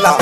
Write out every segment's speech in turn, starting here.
老大。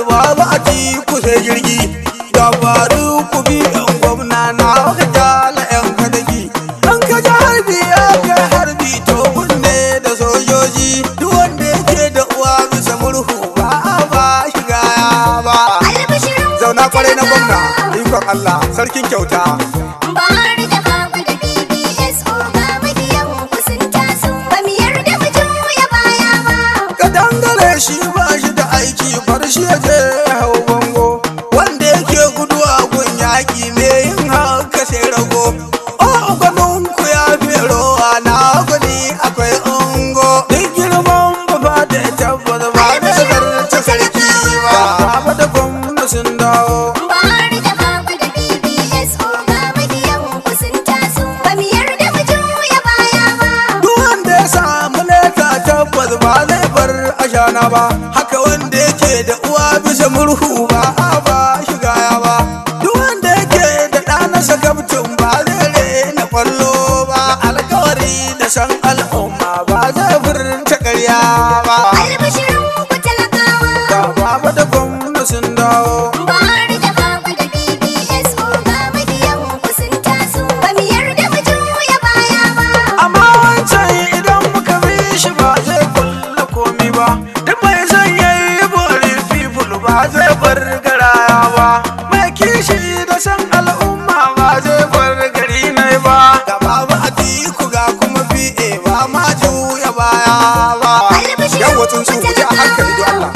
والعجيب وجهه ba juya baya ba yawa tsuntsu wuce a hankali don Allah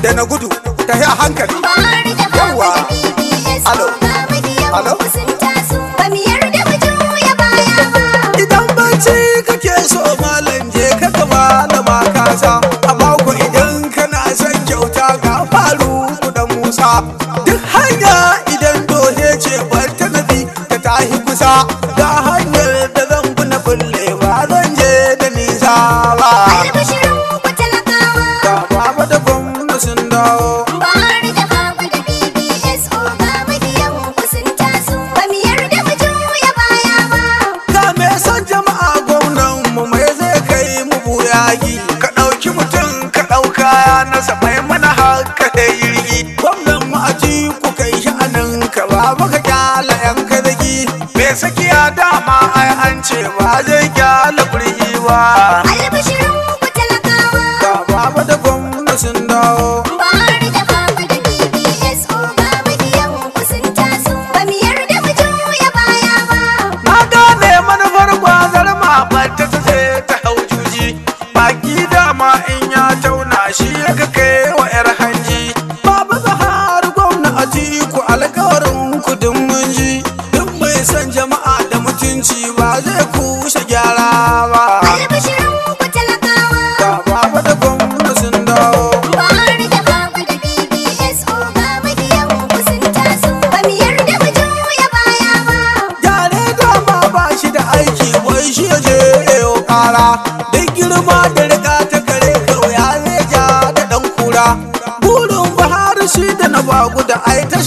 da na gudu ta a hankali yawa alo alo kawo Buhari da Hagu da PBSO oh, ga mabiyan ku sun taso ba mu yarda mu juya baya ba Ga me san jama'a gwamnan mu me zai kai mu buyagi ka ɗauki mutum ka ɗauka na samai mana haka da yirgi gwamnan mu a ku kai sha'anin ka ba baka kyala yanka zagi me sakiya dama ai an ce ba zai shi ya je kara duk girma da riga ta kare karo ya leja da dan kura burin bahar shi da na bagu da ai ta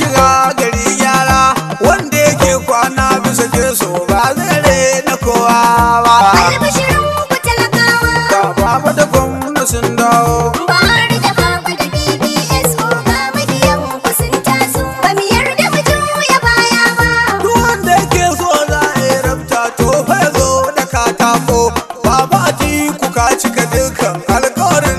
kan it.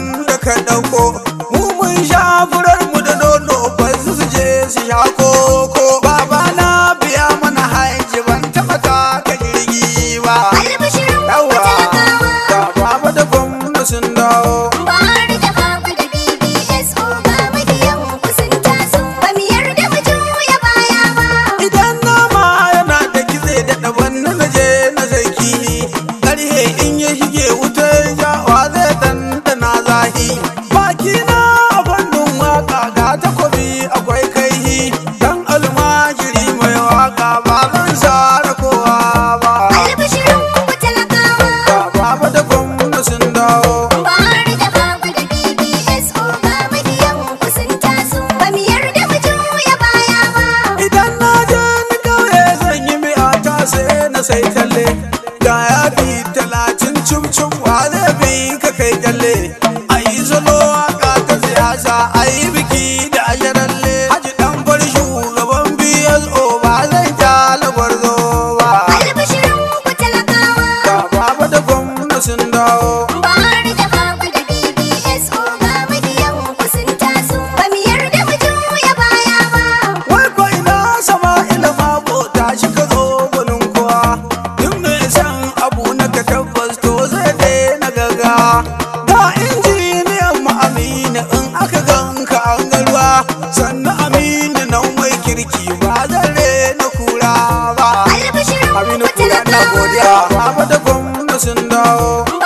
oh.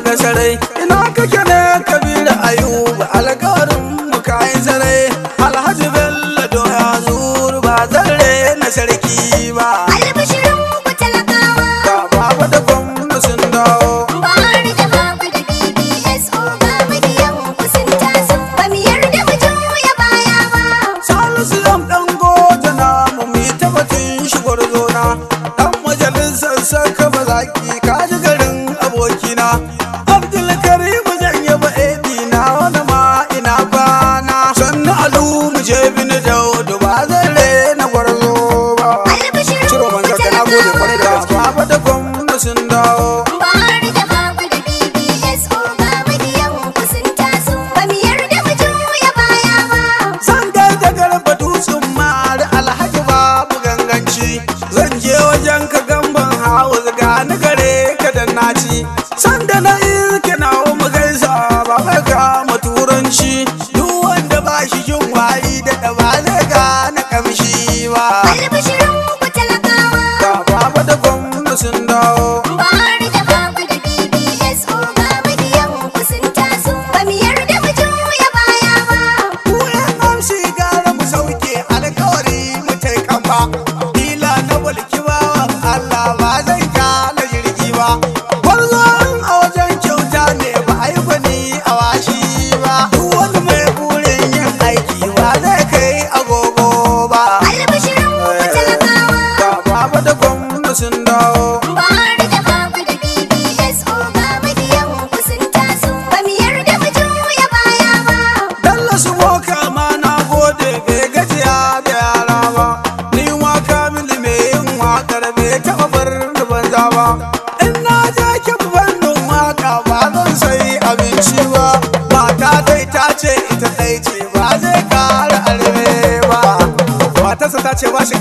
ga sarai ina kake ne kabira ayuba alƙawarin mu kai alhaji bello doya zuru ba zan na sarki ba salud. Albishirin muku talakawa. Baba da gwamna sun dawo.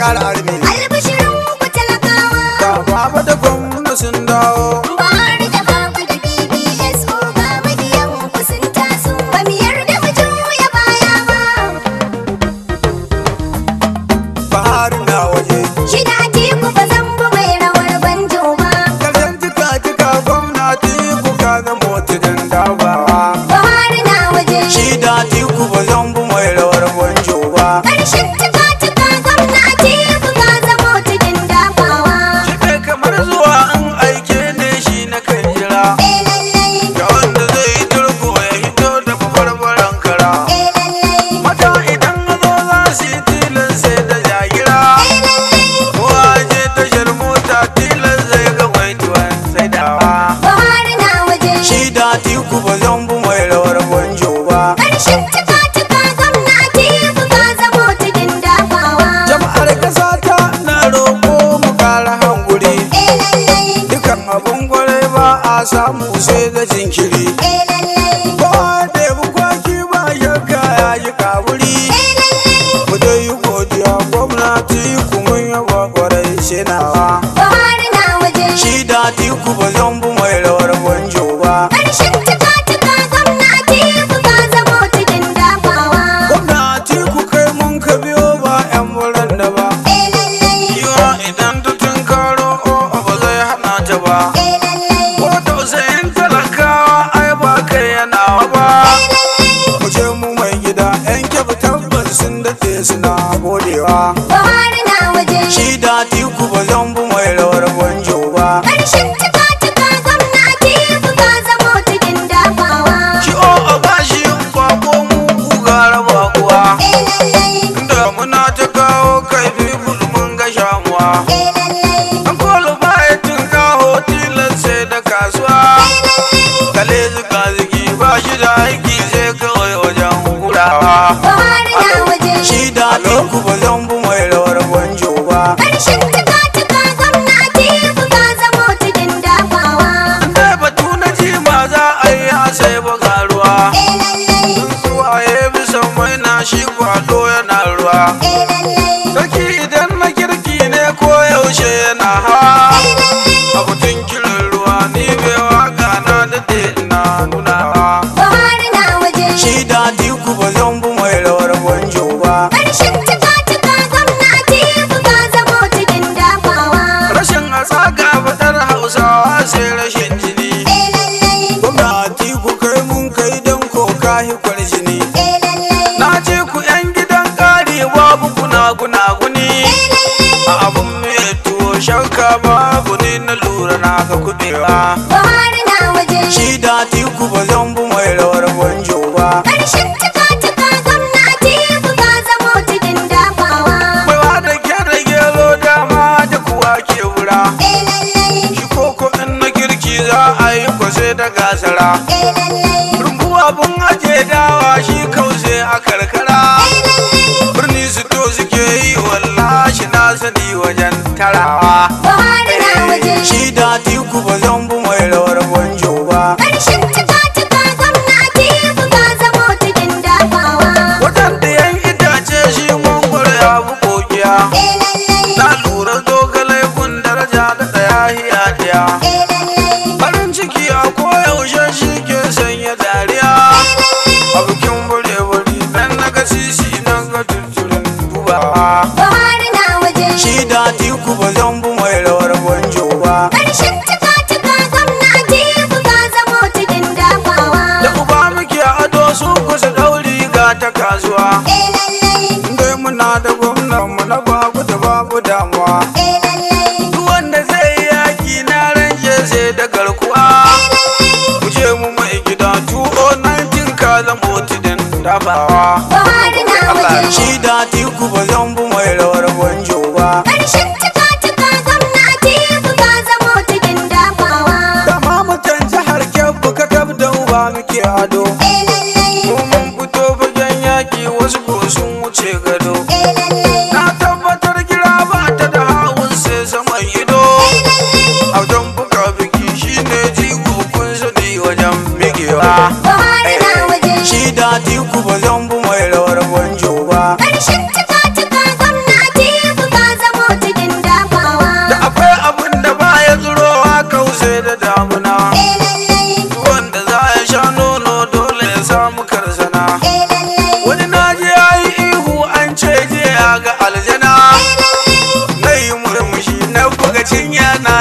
kara arme. mu ku talakawa. Ka Ba ba da gwamna sun dawo. na tiku shi kwado yana ruwa ka babu kuɗi na lura na ka kuɗewa. Buhari na waje. Shi da tiku ba zan bu mai rawar banjo ba. Ƙarshen tuka tuka gwamna a ka zamo cikin dafawa. Baiwa da ke da gero dama da kuwa ke wura. Eh, shi koko na kirki za a yi kwasai da gasara. Eh lallai. Rumbuwa bun aje dawa shi kausai a karkara. Eh, Birni su to suke yi wallahi na sani wajen tarawa.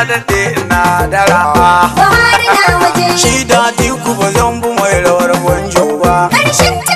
dade ina darawa Buhari na waje Shi da Atiku ba zan bi mai rawar gwanjo ba Karshen